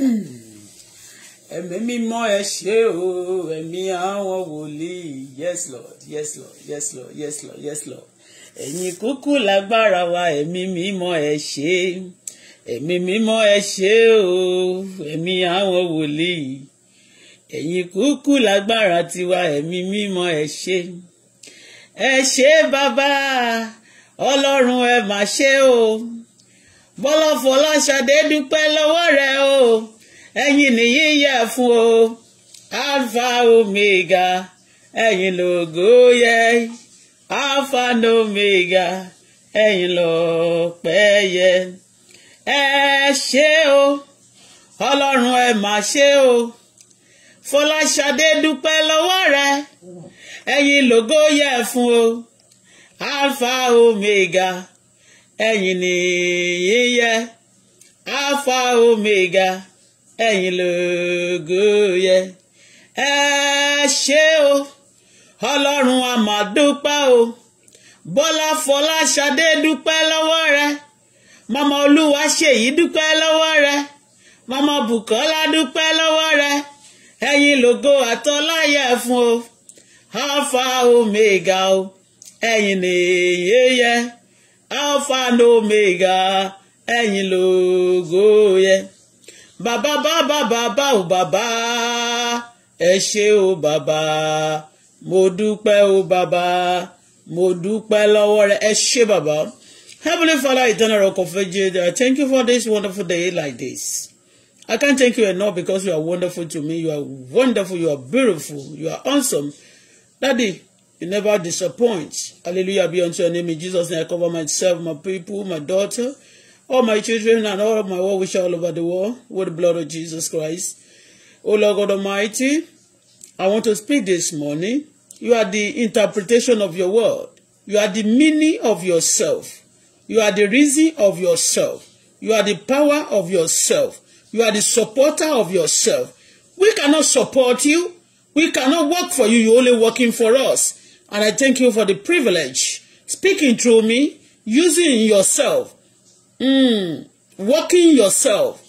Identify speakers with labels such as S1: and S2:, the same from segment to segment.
S1: Hmm. ẹ̀mí mímọ́ ẹ ṣé o ẹ̀mí àwọn wòlíì yes lord yes lord yes lord yes lord yes lord ẹ̀yin kúkú lágbára wa ẹ̀mí mímọ́ ẹ ṣé ẹ̀mí mímọ́ ẹ ṣé o ẹ̀mí àwọn wòlíì ẹ̀yin kúkú lágbára tiwa ẹ̀mí mímọ́ ẹ ṣé ẹ ṣé bàbá ọlọ́run ẹ mà ṣé o. bọ́lá fọláṣadé dúpẹ́ lọ́wọ́ rẹ̀ o ẹ̀yin nìyí yẹ fún o omega ẹ̀yin lògo yẹ alpha omega ẹ̀yin lọ́pẹ́ yẹ ẹ ṣe o ọlọ́run ẹ mà o fọláṣadé dúpẹ́ lọ́wọ́ yẹ omega. ẹ̀yin ni yíyẹ alpha omega enyilogoye lógo yẹ ẹ o ọlọ́run a máa dúpẹ́ o bọ́lá fọláṣadé dúpẹ́ lọ́wọ́ rẹ mama olúwa ṣèyí dúpẹ́ lọ́wọ́ rẹ mama bukola dúpẹ́ lọ́wọ́ rẹ ẹ̀yin lógo àtọ́láyẹ fún o Afa omega o ẹ̀yin ni yíyẹ. alpha and omega ẹ̀yin lógo yẹ. bàbá bàbá bàbá ò bàbá ẹ ṣé o bàbá mo dúpẹ́ o bàbá mo dúpẹ́ lọ́wọ́ rẹ ẹ ṣé bàbá. Heavenly Father, eternal rock of ages, I thank you for this wonderful day like this. I can't thank you enough because you are wonderful to me. You are wonderful. You are beautiful. You are awesome. Daddy, You never disappoint. Hallelujah be unto your name. In Jesus' name, I cover myself, my people, my daughter, all my children, and all of my well wishes all over the world with the blood of Jesus Christ. O Lord God Almighty, I want to speak this morning. You are the interpretation of your word. You are the meaning of yourself. You are the reason of yourself. You are the power of yourself. You are the supporter of yourself. We cannot support you. We cannot work for you. You're only working for us. And I thank you for the privilege speaking through me, using yourself, mm, working yourself,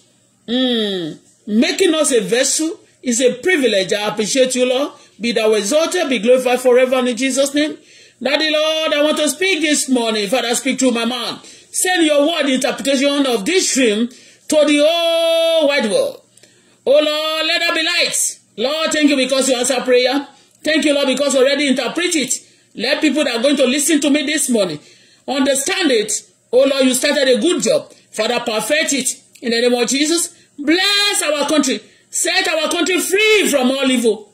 S1: mm, making us a vessel is a privilege. I appreciate you, Lord. Be thou exalted, be glorified forever in Jesus' name. Daddy, Lord, I want to speak this morning. Father, speak through my mouth. Send your word interpretation of this dream to the whole wide world. Oh, Lord, let there be light. Lord, thank you because you answer prayer. Thank you, Lord, because you already interpret it. Let people that are going to listen to me this morning understand it. Oh, Lord, you started a good job. Father, perfect it. In the name of Jesus, bless our country. Set our country free from all evil.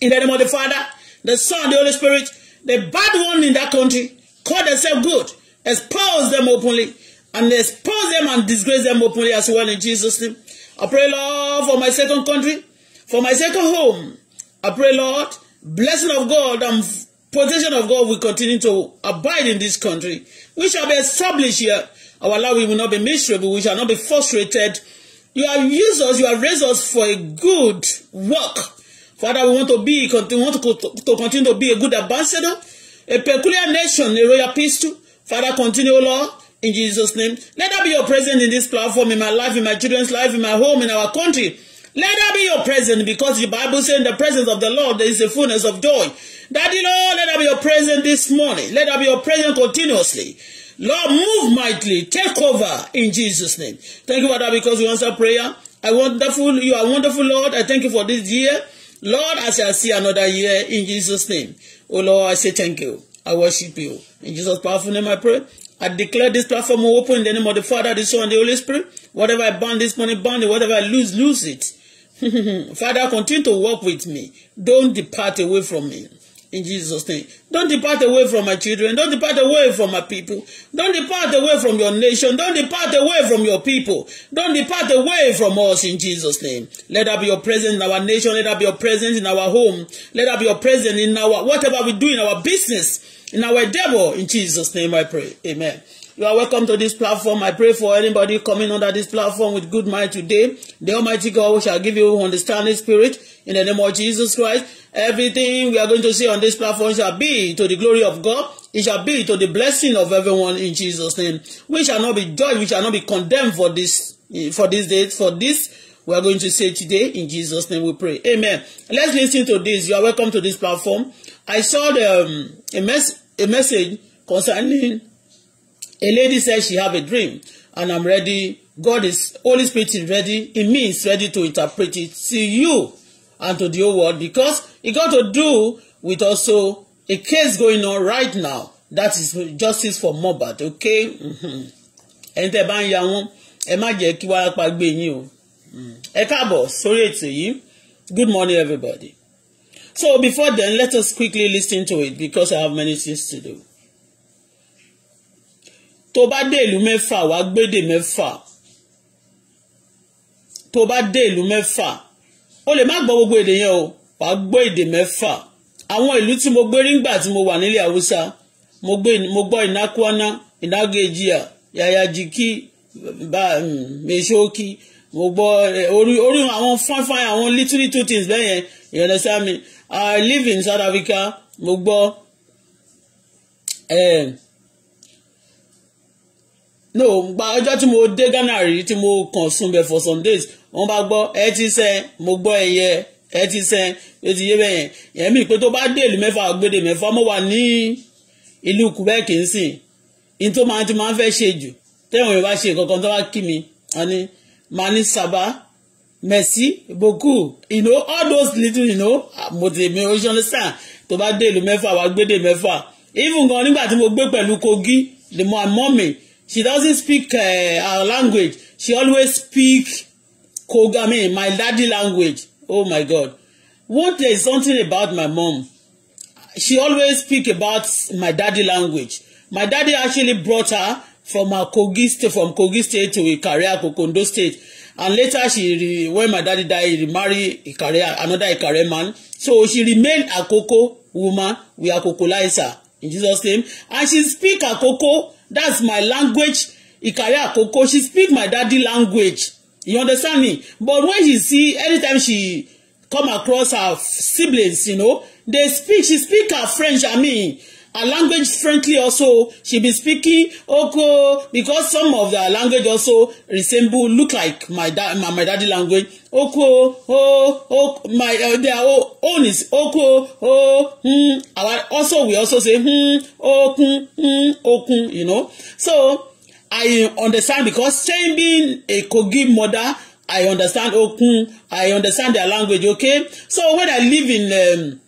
S1: In the name of the Father, the Son, the Holy Spirit, the bad one in that country, call themselves good, expose them openly, and expose them and disgrace them openly as well in Jesus' name. I pray, Lord, for my second country, for my second home. I pray, Lord, Blessing of God and protection of God will continue to abide in this country. We shall be established here. Our life will not be miserable. We shall not be frustrated. You have used us. You have raised us for a good work. Father, we want to be, we want to, to continue to be a good ambassador, a peculiar nation, a royal priesthood. Father, continue, O Lord, in Jesus' name. Let that be your presence in this platform, in my life, in my children's life, in my home, in our country. Let that be your presence because the Bible says in the presence of the Lord there is a fullness of joy. Daddy Lord, let that be your presence this morning. Let that be your presence continuously. Lord, move mightily. Take over in Jesus' name. Thank you, Father, because you answer prayer. I wonderful, you are wonderful, Lord. I thank you for this year. Lord, I shall see another year in Jesus' name. Oh Lord, I say thank you. I worship you. In Jesus' powerful name I pray. I declare this platform open in the name of the Father, the Son, and the Holy Spirit. Whatever I burn this morning, burn it. Whatever I lose, lose it. Father, continue to work with me. Don't depart away from me. In Jesus' name. Don't depart away from my children. Don't depart away from my people. Don't depart away from your nation. Don't depart away from your people. Don't depart away from us in Jesus' name. Let that be your presence in our nation. Let that be your presence in our home. Let that be your presence in our whatever we do in our business, in our endeavor. In Jesus' name I pray. Amen. You are welcome to this platform. I pray for anybody coming under this platform with good mind today. The Almighty God shall give you understanding spirit in the name of Jesus Christ. Everything we are going to see on this platform shall be to the glory of God. It shall be to the blessing of everyone in Jesus' name. We shall not be judged. We shall not be condemned for this, for this day, for this we are going to say today. In Jesus' name we pray. Amen. Let's listen to this. You are welcome to this platform. I saw the, um, a, mess a message concerning A lady said she have a dream and I'm ready. God is, Holy Spirit is ready. In means ready to interpret it to you and to the whole world because it got to do with also a case going on right now. That is justice for Mohbad, okay? Mm-hmm. Ẹni tẹ́ bá ń ya wọn, ẹ má jẹ́ kí wàá pa gbé yín o. Mm. Ẹ káàbọ̀ sórí ètò yìí. Good morning everybody. So before then, let us quickly listen to it because I have many things to do tó bá dé ìlú mẹ́fà wàá gbédè mẹ́fà tó bá dé ìlú mẹ́fà o lè má gbọ́ gbogbo èdè yẹn o wàá gbọ́ èdè mẹ́fà àwọn ìlú tí mo gbé rígbà tí mo wà nílẹ̀ haúsá mo gbọ́ ìnákúáná ìnágéjìá yàyàjìkí mèṣókì hmm, mo gbọ́ eh, orí orí àwọn fáfáì àwọn little little things bẹ́ẹ̀ yẹn you understand me I live in South Africa mo gbọ́. Eh, no gba ọjọ́ tí mo dé Ghana rí tí mo kàn sùn bẹ̀ for some days wọ́n bá gbọ́ ẹ ti sẹ́ mo gbọ́ ẹyẹ ẹ ti sẹ́ ẹ ti yé bẹ́yẹn ẹ̀mí pé tó bá dé ìlú mẹ́fà gbèdè mẹ́fà mo wà ní ìlú Quebec nsìn in tó máa ti máa ń fẹ́ ṣe jù tẹ́wọ̀n yóò bá ṣe kankan tó bá kí mi àní màá ní sábà merci beaucoup you know all those little you know mo ti mi ò ṣe understand tó bá dé ìlú mẹ́fà wá gbèdè mẹ́fà even gan nígbà tí mo gbé pẹ̀lú Kogi the more mommy she doesn't speak uh, our language she always speak koga my daddy language oh my god what there is something about my mom she always speak about my daddy language my daddy actually brought her from her Kogi state from Kogi state to Ikaria Kokondo state and later she re when my daddy die he remarry Ikaria another Ikaria man so she remain Akoko woman with Akoko Liza in Jesus name and she speak Akoko that's my language Ikare Akoko she speak my daddy language you understand me but when she see anytime she come across her siblings you know they speak she speak her French I mean her language frankly also she be speaking oko because some of their language also resemble look like my dad, my, my daddy language oko o o my uh, their own is oko o hmm our also we also say hmm okun hmm okun you know so I understand because Jane being a Kogi mother I understand okun I understand their language okay so when I live in um,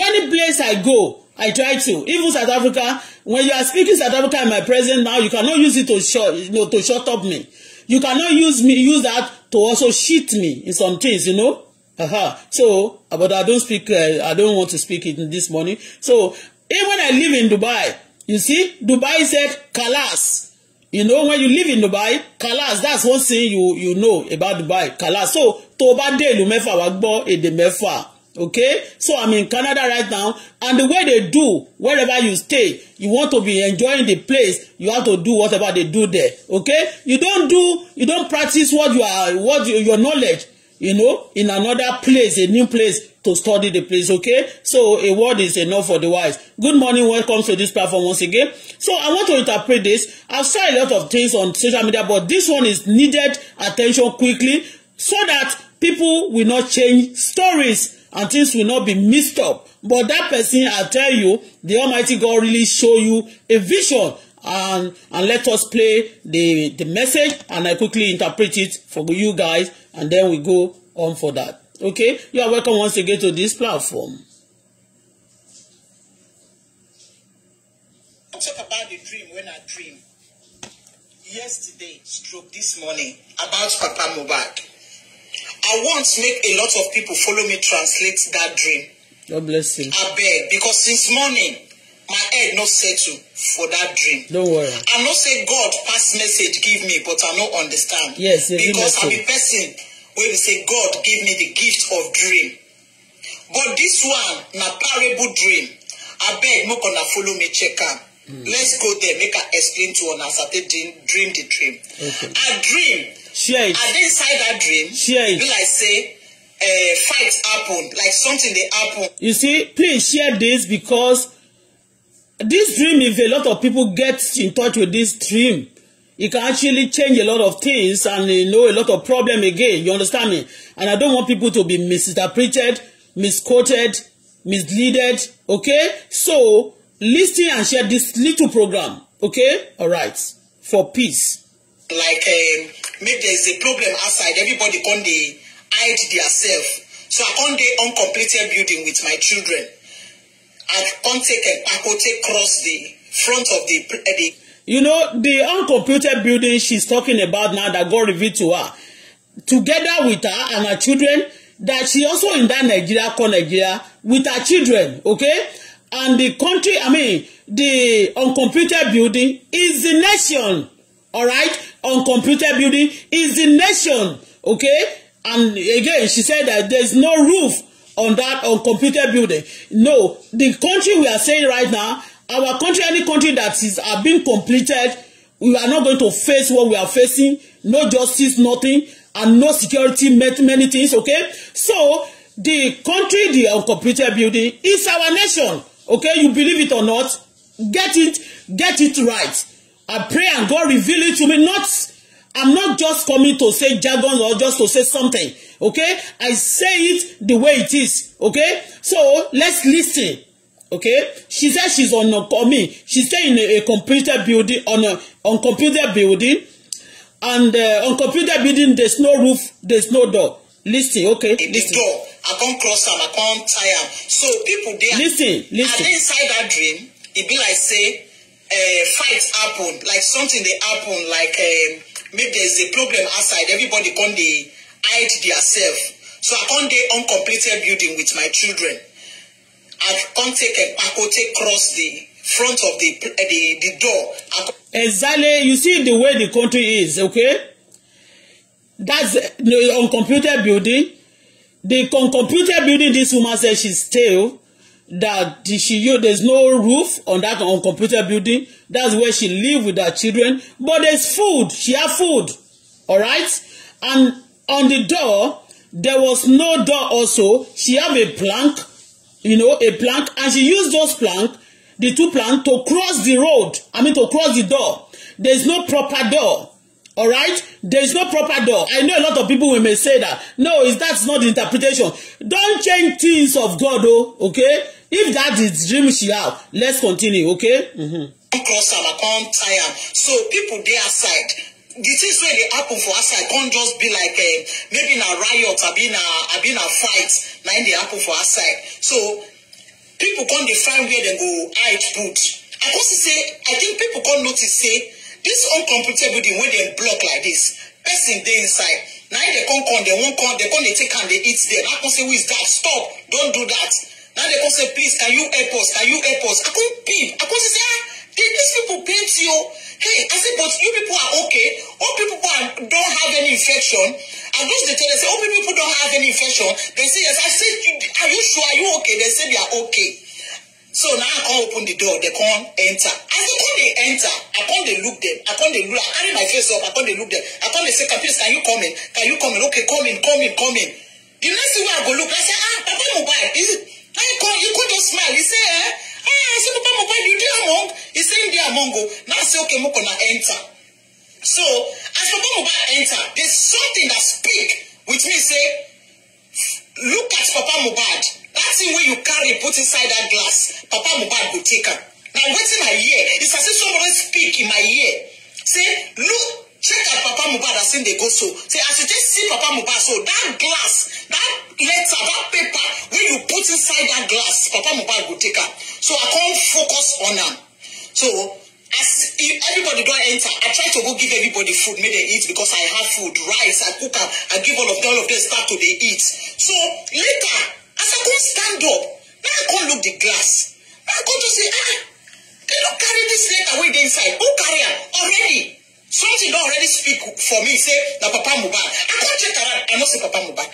S1: any place I go I try to. Even South Africa, when you are speaking South Africa in my presence now, you cannot use it to shut, you know, to shut up me. You cannot use me, use that to also shit me in some things, you know. Uh-huh. So, uh, but I don't speak, uh, I don't want to speak it this morning. So, even when I live in Dubai, you see, Dubai said, Kalas. You know, when you live in Dubai, Kalas, that's one thing you, you know about Dubai, Kalas. So, tó bá dé ìlú mẹ́fà, wá gbọ́ èdè mẹ́fà okay so i'm in canada right now and the way they do wherever you stay you want to be enjoying the place you have to do whatever they do there okay you don't do you don't practice what you are what you, your knowledge you know in another place a new place to study the place okay so a word is enough for the wise good morning welcome to this platform once again so i want to interpret this I saw a lot of things on social media but this one is needed attention quickly so that people will not change stories and things will not be mixed up. But that person, I tell you, the Almighty God really show you a vision and and let us play the the message and I quickly interpret it for you guys and then we go on for that. Okay, you are welcome once again to this platform.
S2: I'll talk about the dream when I dream yesterday, stroke this morning about Papa Mohbad. I want to make a lot of people follow me translate that dream.
S1: God bless you. I
S2: beg because since morning my head no settle for that dream. Don't worry. I not say God pass message give me but I not understand. Yes, because I be person where be say God give me the gift of dream. But this one na parable dream. I beg make una follow me check am. Mm. Let's go there make I explain to una as I dream the dream. Okay. I dream share it and inside that dream share it be like say uh, fight happened like something they happen. you
S1: see please share this because this dream if a lot of people get in touch with this dream it can actually change a lot of things and you know a lot of problem again you understand me and i don't want people to be misinterpreted misquoted misleaded okay so listen and share this little program okay all right for peace
S2: like um, maybe there's a problem outside everybody come dey hide their self so i come dey uncompleted building with my children i come take a ekpako take cross the front of the uh, the.
S1: you know the uncompleted building she's talking about now that God revealed to her together with her and her children that she also in that Nigeria called Nigeria with her children okay and the country i mean the uncompleted building is the nation all right on computer building is the nation okay and again she said that there's no roof on that on computer building no the country we are saying right now our country any country that is are being completed we are not going to face what we are facing no justice nothing and no security many, many things okay so the country the on computer building is our nation okay you believe it or not get it get it right I pray and God reveal it to me. Not, I'm not just coming to say jargon or just to say something. Okay? I say it the way it is. Okay? So let's listen. Okay? She said she's on a coming. She stay in a, a computer building on a on computer building. And uh, on computer building, there's no roof,
S2: there's no door. Listen, okay. In listen. the door, I come cross am, I come tie So people there listen, listen. And inside that dream? It be like say uh, fight happen like something dey happen like um, maybe there's a problem outside everybody come dey hide their self so i come dey uncompleted building with my children i come take a ekpako take cross the front of the uh, the, the door.
S1: exactly you see the way the country is okay that's uh, the uncomputed building the uncomputed building this woman say she still that she used there's no roof on that uncompleted building that's where she live with her children but there's food she have food all right and on the door there was no door also she have a plank you know a plank and she use those plank the two plank to cross the road i mean to cross the door there's no proper door all right there is no proper door i know a lot of people will may say that no is that's not the interpretation don't change things of god oh okay if that is dream she have let's continue okay. Mm-hmm.
S2: cross am i come tie so people dey aside the things wey dey happen for outside come just be like uh, maybe na riot abi na abi na fight na im dey happen for outside so people come dey find where dem go hide put i come see say i think people come notice say this uncomfortable thing wey dem block like this person dey inside na im dey come come dem wan come dem come dey take am dey eat there na come say who is that stop don do that Now they come say, please, can you help us? Can you help us? I come pimp. I come say, ah, did these people paint you? Hey, I say, but you people are okay. All people are, don't have any infection. And those they tell, they say, all people don't have any infection. They say, yes. I say, are you sure? Are you okay? They say they are okay. So now I come open the door. They come enter. As they come, they enter. I come, they look them. I come, they look. I carry my face up. I come, they look them. I come, they say, please, can you come in? Can you come in? Okay, come in, come in, come in. The next where I go look, I say, ah, Papa Mobile, is it? And you could, you could just smile. He say, eh? Ah, I say, Papa, Papa, you dey among. He say, you dey among. Oh. Now I say, okay, Moko, now enter. So, as Papa Mobile enter, there's something that speak, which means say, look at Papa Mobile. That thing where you carry, put inside that glass, Papa Mobile go take am. Now, wetin I hear, it's as if somebody speak in my ear. Say, look, check that Papa Mohbad as him dey go so say as you take see Papa Mohbad so that glass that letter that paper wey you put inside that glass Papa Mohbad go take am so I come focus on am so as if e, everybody don enter I try to go give everybody food make dem eat because I have food rice I cook am I give all of them all of them start to dey eat so later as I come stand up na I come look the glass na I come to say ah they don carry this letter wey dey inside who carry am already something don't already speak for me say na papa mubad. i come check around i no say papa mubad.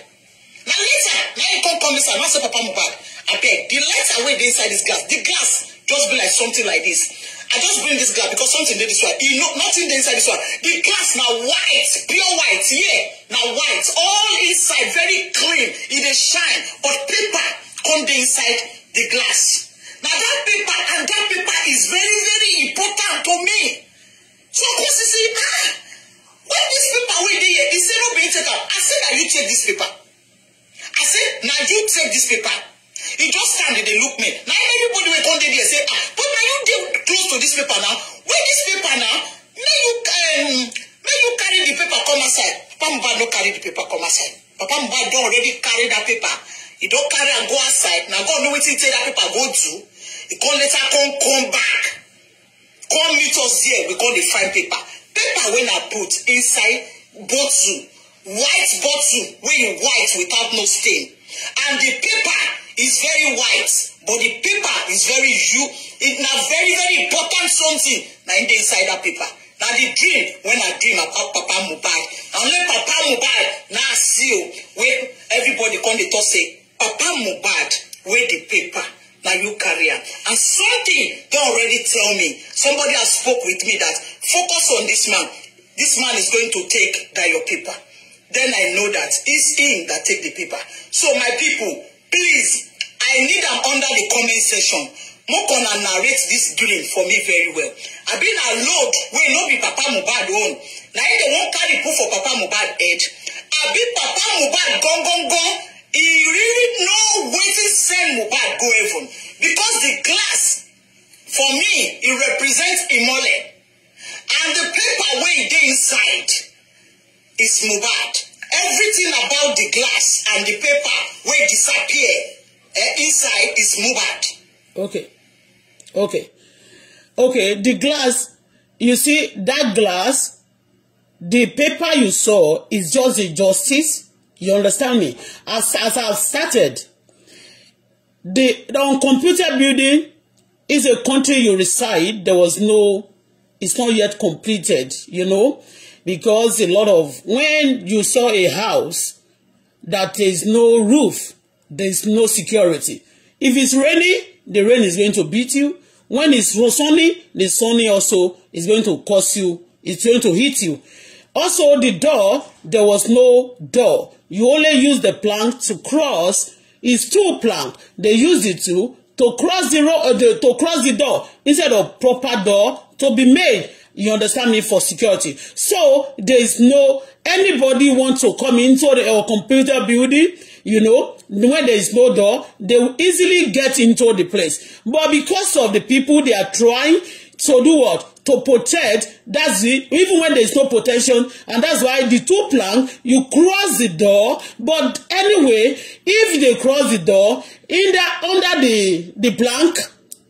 S2: Now later na him come come inside i no see papa I beg. the lighter wey dey inside this glass the glass just be like something like this i just bring this glass because something did this one e no nothing dey inside this one the glass now white pure white yeah now white all inside very clean It e is shine but paper come the inside the glass Now that paper and that paper is very very important to me So because you see, ah, when this paper wey dey here, e say no be take I say na you take this paper. I say now you take this paper. E just stand and they look me. Now everybody wey come dey there say, ah, but now you get close to this paper now. Where this paper now? May you um, may you carry the paper come outside. Papa mba no carry the paper come outside. Papa mba don already carry that paper. He don carry and go outside. Now God know wetin he take that paper go to. He can't let her come come back come meet us here we come dey find paper paper wey na put inside bottle white bottle wey e white without no stain and the paper is very white but the paper is very you it na very very important something na im dey inside that paper na the dream wey i dream about papa mohbad and when papa mohbad na seal wey everybody come dey talk say papa mohbad wey the paper that you career and something don already tell me somebody has spoke with me that focus on this man this man is going to take that your paper then i know that it's him that take the paper so my people please i need am under the comment section make una narrate this dream for me very well I abi na load wey no be papa mohbad own na him dey wan carry put for papa mohbad head be papa mohbad gongongon He really know wetin send Mohbad go heaven because the glass for me e represent Imole and the paper wey dey inside is Mohbad. Everything about the glass and the paper wey disappear eh, inside is Mohbad.
S1: Okay. Okay. Okay, the glass, you see that glass, the paper you saw is just a justice You understand me? As, as I've started, the, the computer building is a country you reside. There was no, it's not yet completed, you know, because a lot of, when you saw a house that is no roof, there's no security. If it's rainy, the rain is going to beat you. When it's sunny, the sunny also is going to cause you, it's going to hit you. Also, the door, there was no door. You only use the plank to cross. It's two plank. They use it to to cross the uh, the, to cross the door instead of proper door to be made. You understand me for security. So there is no anybody want to come into the uh, computer building. You know when there is no door, they will easily get into the place. But because of the people they are trying to do what to protect. That's it. Even when there is no protection, and that's why the two plank, you cross the door. But anyway, if they cross the door, in the under the the plank,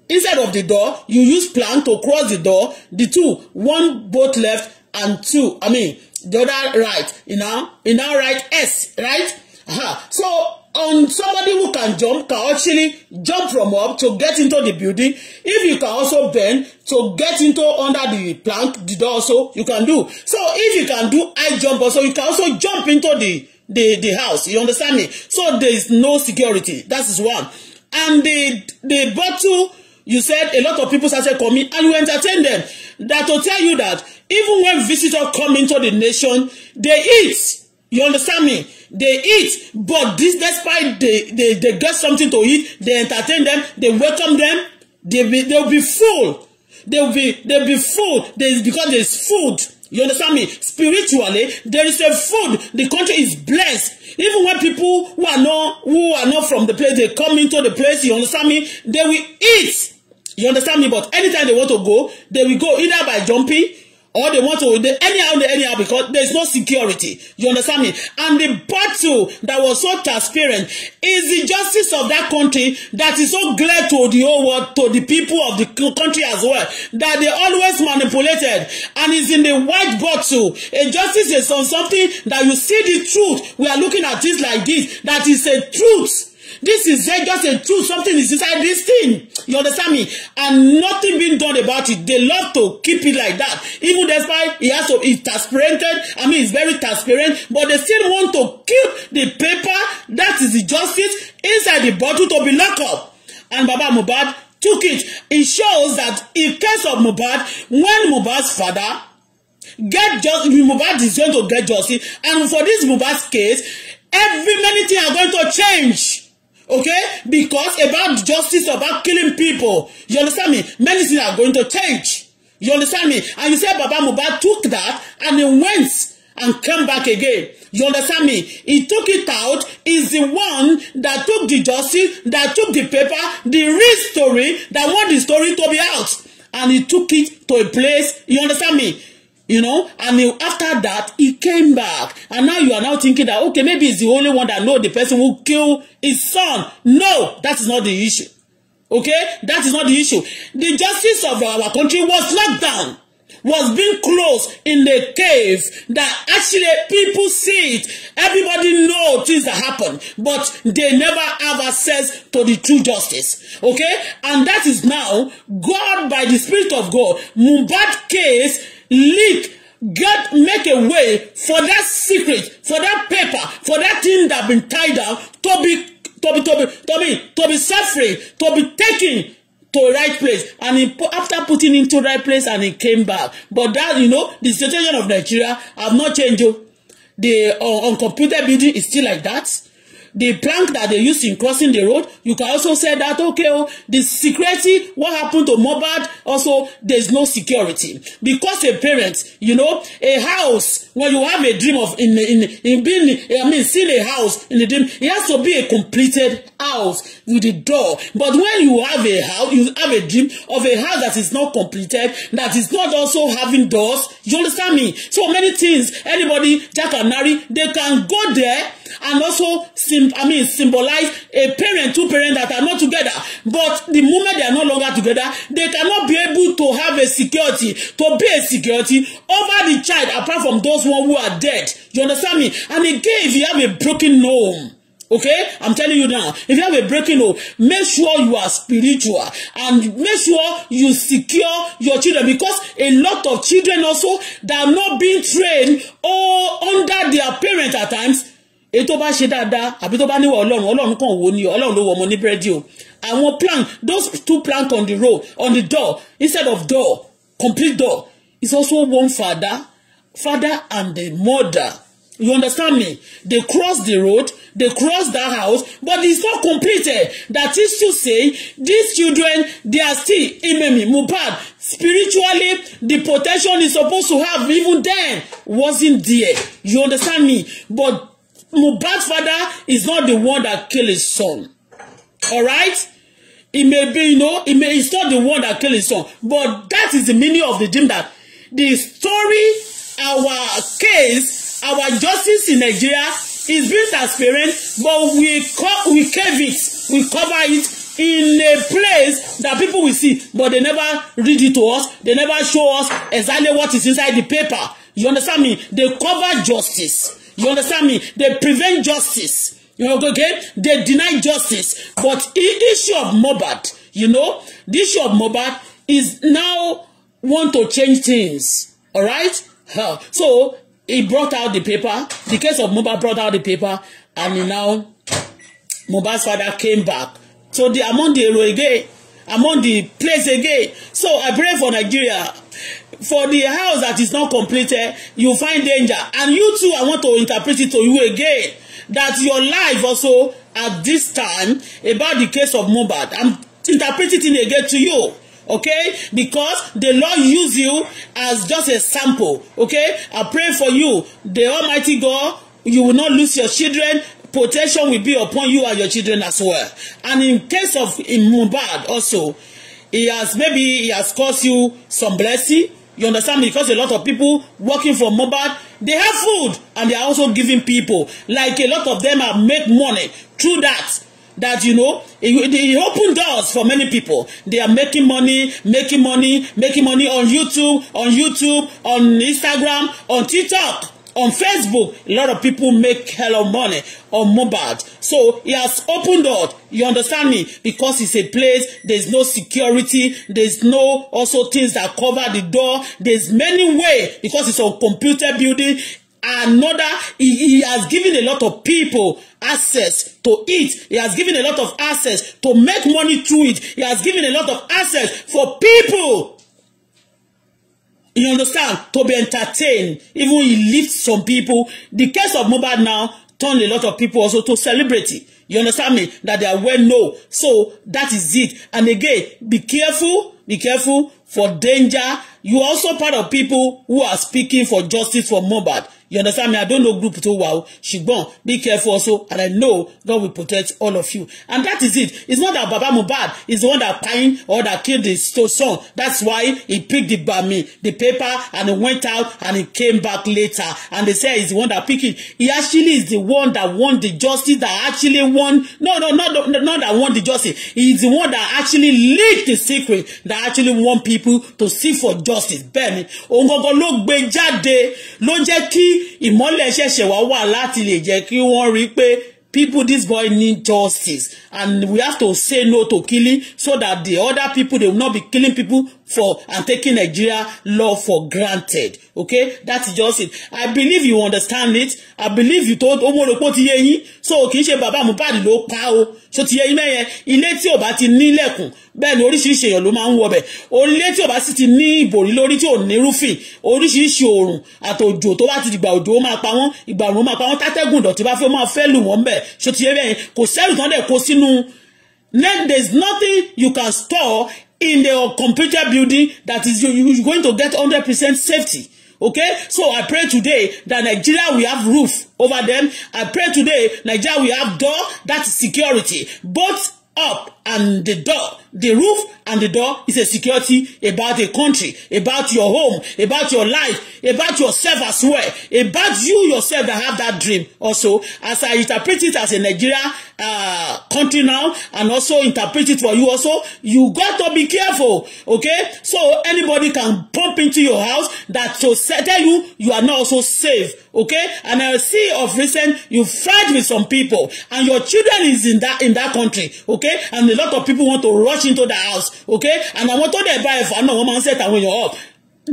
S1: inside of the door, you use plank to cross the door. The two, one both left and two. I mean the other right. You know, you know right S right. Huh? So on somebody who can jump can actually jump from up to get into the building if you can also bend to get into under the plank the door also you can do so if you can do high jump also you can also jump into the the the house you understand me so there is no security that is one and the the bottle you said a lot of people started coming and you entertain them that to tell you that even when visitors come into the nation they eat you understand me they eat but this despite they they they get something to eat they entertain them they welcome them they be they will be full they will be they will be full they because there is food you understand me spiritually there is a food the country is blessed even when people who are not who are not from the place they come into the place you understand me they will eat you understand me but anytime they want to go they will go either by jumping or they want to they anyhow they anyhow because there is no security you understand me and the battle that was so transparent is the justice of that country that is so glad to the whole world to the people of the country as well that they always manipulated and is in the white bottle a justice is on something that you see the truth we are looking at this like this that is a truth This is just a truth. Something is inside this thing. You understand me? And nothing being done about it. They love to keep it like that. Even despite it has to, it's transparented. I mean, it's very transparent. But they still want to keep the paper. That is the justice inside the bottle to be locked up. And Baba Mubad took it. It shows that in case of Mubad, when Mubad's father get just Mubad is going to get justice. And for this Mubad's case, every many things are going to change okay because about justice about killing people you understand me many things are going to change you understand me and you say Baba Mohbad took that and he went and came back again you understand me he took it out he's the one that took the justice that took the paper the real story that want the story to be out and he took it to a place you understand me you know and he, after that he came back and now you are now thinking that okay maybe he's the only one that know the person who kill his son no that is not the issue okay that is not the issue the justice of our country was locked down was being closed in the cave that actually people see it everybody know things that happen but they never have access to the true justice okay and that is now God by the Spirit of God Mohbad case leak get make a way for that secret for that paper for that thing that been tied down to be to be to be to be to be suffering, to be taken to right place and he, after putting him into right place and he came back but that you know the situation of Nigeria have not changed the uh, uncomputed building is still like that the plank that they use in crossing the road you can also say that okay oh the security what happened to Mohbad also there is no security because a parent you know a house when you have a dream of in in in being I mean seeing a house in a dream it has to be a completed house with a door but when you have a house you have a dream of a house that is not completed that is not also having doors you understand me so many things anybody jack and nari they can go there and also see I mean, symbolize a parent, two parents that are not together. But the moment they are no longer together, they cannot be able to have a security, to be a security over the child, apart from those one who are dead. You understand me? And again, if you have a broken home, Okay, I'm telling you now. If you have a broken home, make sure you are spiritual and make sure you secure your children because a lot of children also that are not being trained or under their parents at times èyí tó bá ṣe dáadáa àbí tó bá níwọ̀ ọlọ́run ọlọ́run kàn wò ni ọlọ́run ló wọ ọmọ ní búrẹ́dì o àwọn plank those two plank on the road on the door instead of door complete door is also one father father and the mother you understand me they cross the road they cross that house but it's not completed eh? that is to say these children they are still imemi Mohbad spiritually the protection is supposed to have even then wasn't there you understand me but Mohbad's father is not the one that killed his son. All right? It may be, you know, it may, it's not the one that killed his son. But that is the meaning of the dream that the story, our case, our justice in Nigeria is being transparent, but we, co we cave it, we cover it in a place that people will see but they never read it to us they never show us exactly what is inside the paper you understand me they cover justice You understand me? They prevent justice. You know, okay? They deny justice. But the issue of Mohbad, you know, the issue of Mohbad is now want to change things. All right? Huh. So he brought out the paper. The case of Mohbad brought out the paper, and now Mohbad's father came back. So the among the ero again, among the place again. So I pray for Nigeria for the house that is not completed you find danger and you too I want to interpret it to you again that your life also at this time about the case of Mohbad I'm interpreting it again to you okay because the Lord use you as just a sample okay I pray for you the Almighty God you will not lose your children protection will be upon you and your children as well and in case of in Mohbad also he has maybe he has caused you some blessing you understand me because a lot of people working for mobile, they have food and they are also giving people like a lot of them have make money through that that you know it, it open doors for many people they are making money making money making money on YouTube on YouTube on Instagram on TikTok On Facebook, a lot of people make hell of money on mobile. So he has opened up, you understand me? Because it's a place, there's no security, there's no also things that cover the door. There's many way because it's a computer building. Another, he, he has given a lot of people access to it. He has given a lot of access to make money through it. He has given a lot of access for people You understand? To be entertained. Even he lift some people. The case of Mohbad now turn a lot of people also to celebrity. You understand me? That they are well known. So that is it. And again, be careful, be careful for danger. You also part of people who are speaking for justice for Mohbad you understand me i don't know group tó wà o be careful also and i know god will protect all of you and that is it it's not that baba Mohbad is the one that pine or that killed the son that's why he picked the bami the paper and he went out and he came back later and they say he's the one that picked it he actually is the one that won the justice that actually won no no not the, not that won the justice He's the one that actually leaked the secret that actually won people to see for justice bẹ́ẹ̀ni òun gangan ló gbé jáde ló jẹ́ ìmọ́lẹ̀ ṣẹ̀ṣẹ̀ wá wà láti lè jẹ́ kí wọ́n rí pé people this boy need justice and we have to say no to killing so that the other people they will not be killing people for and taking Nigeria law for granted. Okay, that's just it. I believe you understand it. I believe you told ọmọ rẹ̀ pé ó ti yé yín. So kì í ṣe bàbá Mohbad ló pa o. So ti ye yín mẹ́yẹn. Ilé tí ò bá ti nílẹ̀kùn bẹ́ẹ̀ ni oríṣiríṣi èèyàn ló máa ń wọbẹ̀. Ilé tí ò bá sì ti ní ìbòrí lórí tí ò ní rúfin. Oríṣiríṣi òòrùn àtòjò tó bá ti dìgbà òjò ó máa pa wọ́n. Ìgbà òòrùn máa pa wọ́n. Tátẹ́gùn ìdọ̀tí bá fẹ́ máa fẹ́ lù wọ́n bẹ̀. So ti yé bẹ́ẹ̀ kò sẹ́rù tán dẹ̀ kó sínú Then there's nothing you can store in the computer building that is you, you're going to get 100% safety. Okay, so I pray today that Nigeria will have roof over them. I pray today Nigeria will have door that is security, both up and the door, the roof and the door is a security about a country, about your home, about your life, about yourself as well, about you yourself that have that dream also. As I interpret it as a Nigeria uh, country now and also interpret it for you also, you got to be careful, okay? So anybody can bump into your house that to tell you you are not also safe, okay? And I see of recent you fight with some people and your children is in that in that country, okay? okay and a lot of people want to rush into the house okay and àwọn tó dẹ̀ bá ẹ̀fà náà wọ́n máa ń set àwọn èèyàn up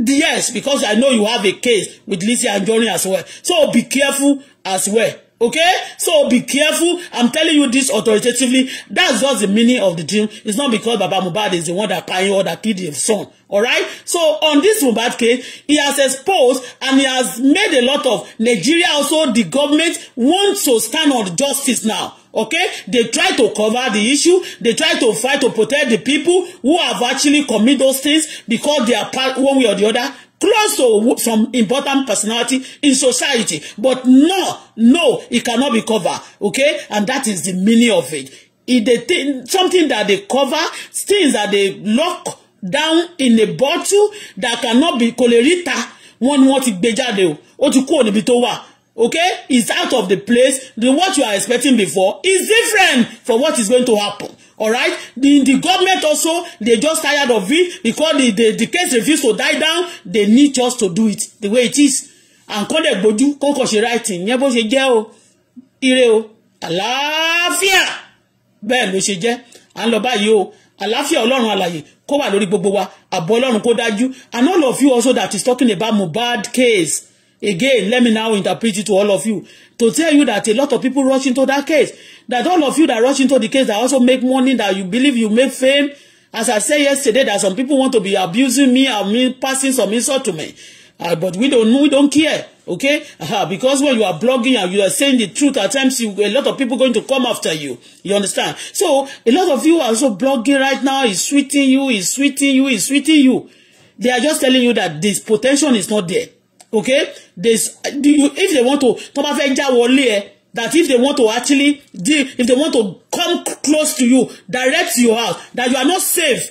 S1: yes because I know you have a case with Lizzy Anjorin as well so be careful as well Okay? So be careful. I'm telling you this authoritatively. That's just the meaning of the deal. It's not because Baba Mubad is the one that carrying or that killed his son. All right. So on this Mubad case, he has exposed and he has made a lot of Nigeria also, the government wants to stand on justice now. Okay, they try to cover the issue. They try to fight to protect the people who have actually committed those things because they are part one way or the other close to some important personality in society but no no it cannot be covered okay and that is the meaning of it if they think something that they cover things that they lock down in a bottle that cannot be kò lè ríta wọ́n ní wọ́n ti gbé jáde o ó ti kúrò níbi tó wà okay Is out of the place the what you are expecting before is different from what is going to happen all right the the government also they just tired of it because the the, the case refuse to die down they need just to do it the way it is and kọ́ dẹ̀ gbójú kó ṣe writing yẹn bó ṣe jẹ́ o ire o àlàáfíà bẹ́ẹ̀ ló ṣe jẹ́ à ń lọ báyìí o àlàáfíà ọlọ́run alàyè kó wà lórí gbogbo wa àbọ̀ ọlọ́run kó dájú and all of you also that is talking about Mohbad case Again, let me now interpret it to all of you to tell you that a lot of people rush into that case. That all of you that rush into the case that also make money, that you believe you make fame. As I said yesterday, that some people want to be abusing me, and me passing some insult to me. Uh, but we don't we don't care, okay? Uh, because when you are blogging and you are saying the truth, at times you, a lot of people going to come after you. You understand? So a lot of you are also blogging right now. Is sweeting you, is sweeting you, is sweeting you. They are just telling you that this potential is not there okay they do you if they want to tó bá fẹ́ já ẹ that if they want to actually deal if they want to come close to you direct to your house that you are not safe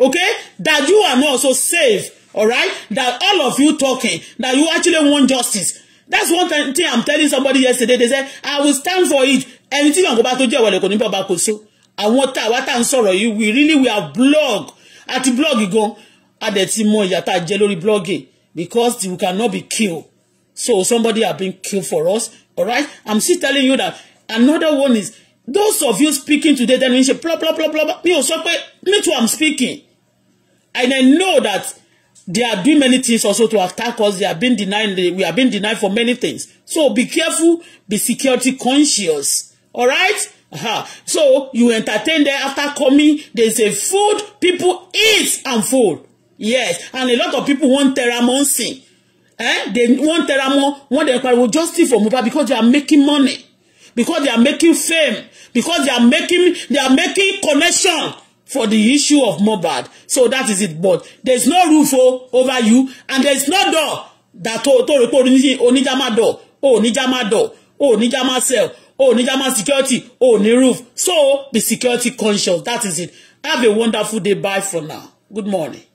S1: okay that you are not also safe alright that all of you talking that you actually want justice that's one thing i'm telling somebody yesterday they say i will stand for it ẹni tí yàngó bá tó jẹ́ ìwọlẹ̀ kò ní bá ọba kò sí àwọn tá àwa tá à ń yìí we really we are blog àti blog gan adẹ̀ ti mọ ìyá tá a jẹ́ lórí blogging because we cannot be killed. So somebody have been killed for us. All right. I'm still telling you that another one is those of you speaking today, then you say blah blah blah blah. blah. Me also, me too. I'm speaking, and I know that they are doing many things also to attack us. They have been denied. We have been denied for many things. So be careful. Be security conscious. All right. Uh-huh. So you entertain there after coming. There's a food people eat and food yes and a lot of people want tẹra mọ́ eh they wan tẹra mọ́ wọn dey pariwo justice for Mohbad because they are making money because they are making fame because they are making they are making connection for the issue of Mohbad so that is it but there is no roof o oh, over you and there is no door that to to repo onijama door onijama door onijama cell onijama security oni roof so be security conscious that is it have a wonderful day bye for now good morning.